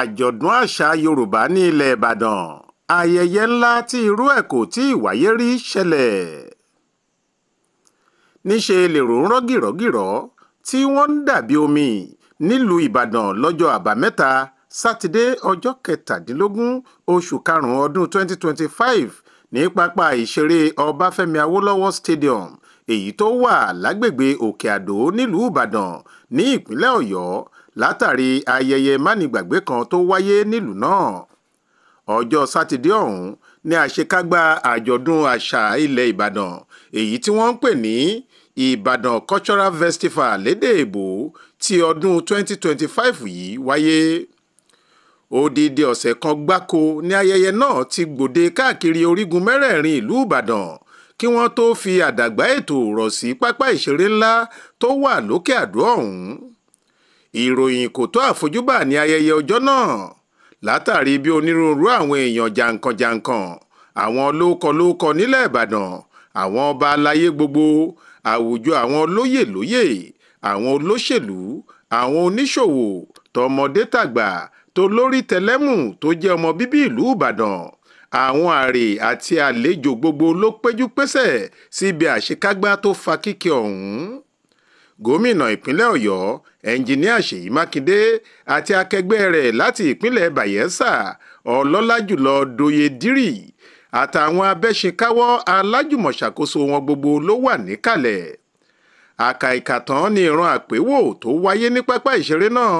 àjọ̀dún àṣà yorùbá ní ilẹ̀ ìbàdàn ayẹyẹ ńlá tí irú ẹ̀ kò tíì wáyé rí ṣẹlẹ̀ níṣe lèrò ń rọ́ gìrọ́gìrọ́ tí wọ́n ń dàbí omi nílùú ìbàdàn lọ́jọ́ àbámẹ́ta sátidé ọjọ́ kẹtàdínlógún oṣù karùn-ún ọdún 2025 ní pápá ìṣeré ọbáfẹ́mi awólọ́wọ̀ stadium èyí tó wà lágbègbè òkè àdó nílùú ìbàdàn ní ìpínlẹ̀ ọ̀yọ́ látàrí ayẹyẹ mánigbàgbé kan tó wáyé nílùú náà ọjọ́ sátidé ọ̀hún ní àṣekágbá àjọ̀dún àṣà ilẹ̀ ìbàdàn èyí tí wọ́n ń pè ní ìbàdàn cultural festival lédè èbó ti ọdún 2025 yìí wáyé odidi ọ̀sẹ̀ kan gbáko ní ayẹyẹ náà ti gbòde káàkiri orígun mẹ́rẹ̀ẹ̀rin ìlú ìbàdàn kí wọ́n tó fi àdàgbà ètò rọ̀ sí pápá ìṣeré ńlá tó wà lókè àdó ọ̀hún ìròyìn kò tó àfojúbà ní ayẹyẹ ọjọ́ náà látàrí bí onírúurú àwọn èèyàn jàǹkànjàǹkàn àwọn lóókọ-lóókọ nílẹ̀ ìbàdàn àwọn ọba aláyé gbogbo àwùjọ àwọn olóyè lóyè àwọn olóṣèlú àwọn oníṣòwò tọmọdé tàgbà tó lórí tẹlẹ́mù tó jẹ́ ọmọ bíbí ìlú ìbàdàn àwọn àrè àti àlejò gbogbo ló péjú pésẹ̀ síbi àṣekágbá tó fa kíkẹ́ ọ̀hún gómìnà ìpínlẹ̀ ọ̀yọ́ ẹnjiníà ṣèyí mákindé àti akẹgbẹ́ rẹ̀ láti ìpínlẹ̀ bayelsa ọlọ́lá jùlọ doye dírì àtàwọn abẹ́ṣekáwọ́ alájùmọ̀ṣàkóso wọn gbogbo ló wà níkàlẹ̀ àkàìkàtàn ni ìran àpéwò tó wáyé ní pápá ìṣeré náà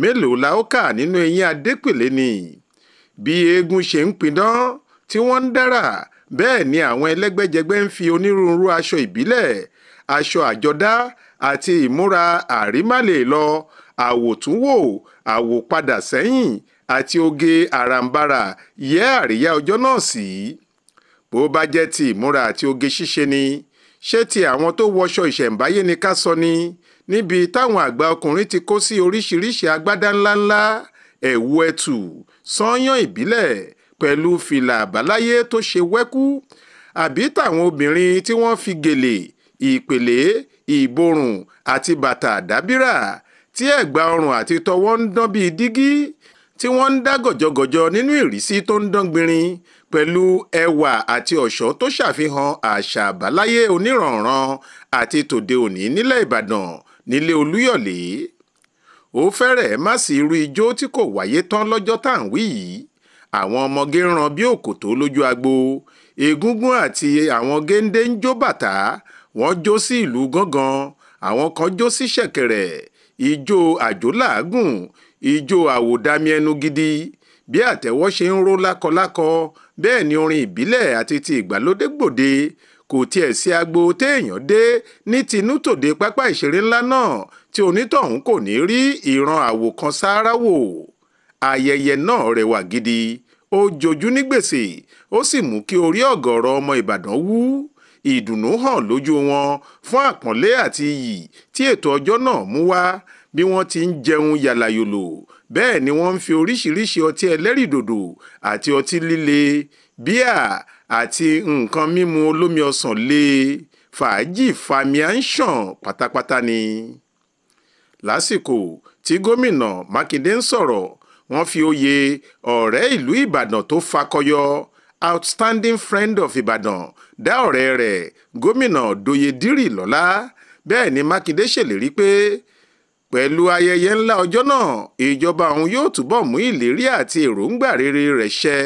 mélòó la ó kà nínú eyín adépèlé ni bí eégún ṣe ń pidán tí wọ́n ń dára bẹ́ẹ̀ ni àwọn ẹlẹ́gbẹ́jẹgbẹ́ ń fi onírúurú aṣọ ìbílẹ̀ aṣọ àjọdá àti ìmúra àrímálè lọ àwòtúnwò àwòpadà sẹ́yìn àti oge àràǹbarà yẹ́ àríyá ọjọ́ náà sí. bó bá jẹ́ ti ìmúra àti oge ṣíṣe ni ṣé ti àwọn tó wọṣọ ìṣẹ̀ǹbáyé ni ká sọ ni níbi táwọn àgbà ọkùnrin ti kó sí oríṣiríṣi agbádá ńláńlá ẹ̀wù ẹ̀tù sányán ìbílẹ̀ pẹ̀lú fìlà àbáláyé tó ṣe wẹ́kú àbí tàwọn obìnrin tí wọ́n fi gèlè ìpèlé ìborùn àti bàtà dábírà tí ẹ̀gbà ọrùn àti tọwọ́ ń dán bíi dígí tí wọ́n ń dá gọ̀jọ̀gọ̀jọ̀ nínú ìrísí tó ń dán gbinrin pẹ̀lú ẹwà àti ọ̀ṣọ́ tó ṣàfihàn àṣà àbáláyé onírànran àti tòde òní nílẹ̀ Ìbàdàn nílé Olúyọ̀lé ó fẹ́rẹ̀ẹ́ má sí irú ijó tí kò wáyé tán lọ́jọ́ tá à ń wí yìí àwọn ọmọge ń ran bí òkòtó lójú agbo egungun àti àwọn géńdé ń jó bàtà wọ́n jó sí ìlú gángan àwọn kan jó sí ṣẹ̀kẹ̀rẹ̀ ijó àjólàágùn ijó àwòdàmì ẹnu gidi bí àtẹ́wọ́ ṣe ń ró lákọlákọ bẹ́ẹ̀ ni orin ìbílẹ̀ àti ti ìgbàlódé gbòde kò tiẹ̀ sí agbo téèyàn dé ní tinútòde pápá ìṣeré ńlá náà tí onítọ̀hún kò ní rí ìran àwòkan sáárá wò ayẹyẹ náà rẹwà gidi ó jojú ní gbèsè ó sì mú kí orí ọ̀gọ̀rọ̀ ọmọ Ìbàdàn wú ìdùnnú hàn lójú wọn fún àpọ́nlé àti iyì tí ètò ọjọ́ náà mú wá bí wọ́n ti ń jẹun yàlàyòlò bẹ́ẹ̀ ni wọ́n ń fi oríṣiríṣi ọtí ẹlẹ́rìndòdò àti ọtí líle bíà àti nǹkan mímu olómi ọsàn lé fàájì fàmíà pátápátá ni. lásìkò tí gómìnà mákindé ń sọ̀rọ̀ wọ́n fi oyè ọ̀rẹ́ ìlú ìbàdàn tó fakọyọ outstanding friend of Ibadan, dá ọ̀rẹ́ rẹ̀ gómìnà doyediri lọ́lá bẹ́ẹ̀ ni mákindé ṣèlérí pé pẹ̀lú ayẹyẹ ńlá ọjọ́ náà ìjọba òun yóò túbọ̀ mú ìlérí àti èròǹgbà rere rẹ̀ ṣẹ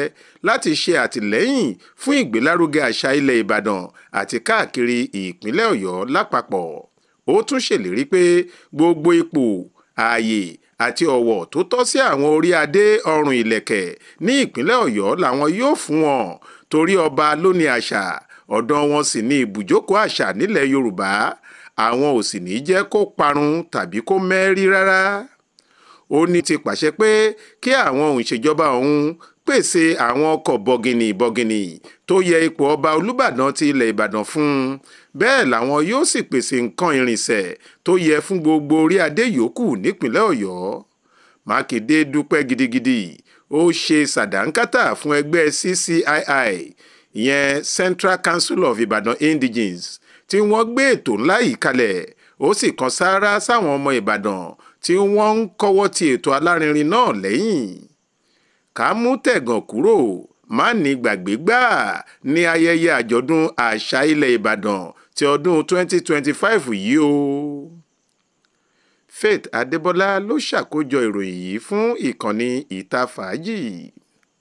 láti ṣe àtìlẹ́yìn fún ìgbélárugẹ àṣà ilẹ̀ ìbàdàn àti káàkiri ìpínlẹ̀ ọ̀yọ́ lápapọ̀ ó tún ṣèlérí pé gbogbo ipò ààyè àti ọ̀wọ̀ tó tọ́ sí àwọn orí adé ọrùn ìlẹ̀kẹ̀ ní ìpínlẹ̀ ọ̀yọ́ làwọn yóò fún wọn torí ọba ló ní àṣà ọ̀dọ̀ wọn sì ní ibùjókòó àṣà nílẹ̀ yorùbá àwọn ò sì ní jẹ́ kó parun tàbí kó mẹ́rí rárá ó ní ti pàṣẹ pé kí àwọn òǹṣèjọba òun pèsè àwọn ọkọ̀ bọ̀gìnì bọ̀gìnì tó yẹ ipò ọba olùbàdàn ti ilẹ̀ ìbàdàn fún un bẹ́ẹ̀ làwọn yóò sì pèsè nǹkan ìrìnsẹ̀ tó yẹ fún gbogbo orí adé yòókù nípínlẹ̀ ọ̀yọ́ mákindé dúpẹ́ gidigidi ó ṣe sàdánkátà fún ẹgbẹ́ ccii ìyẹn central council of ibadan indigenes tí wọ́n gbé ètò ńlá yìí kalẹ̀ ó sì kan sáárá sáwọn ọmọ ìbàdàn tí wọ́n ń kọ́wọ́ ti ètò alárinrin náà lẹ́yìn ká mú tẹ̀gàn kúrò má ní gbàgbé gbáà ní ayẹyẹ àjọ̀dún àṣà ilẹ̀ ìbàdàn ti ọdún 2025 yìí o. faith adébọlá ló ṣàkójọ ìròyìn yìí fún ìkànnì ìta fàájì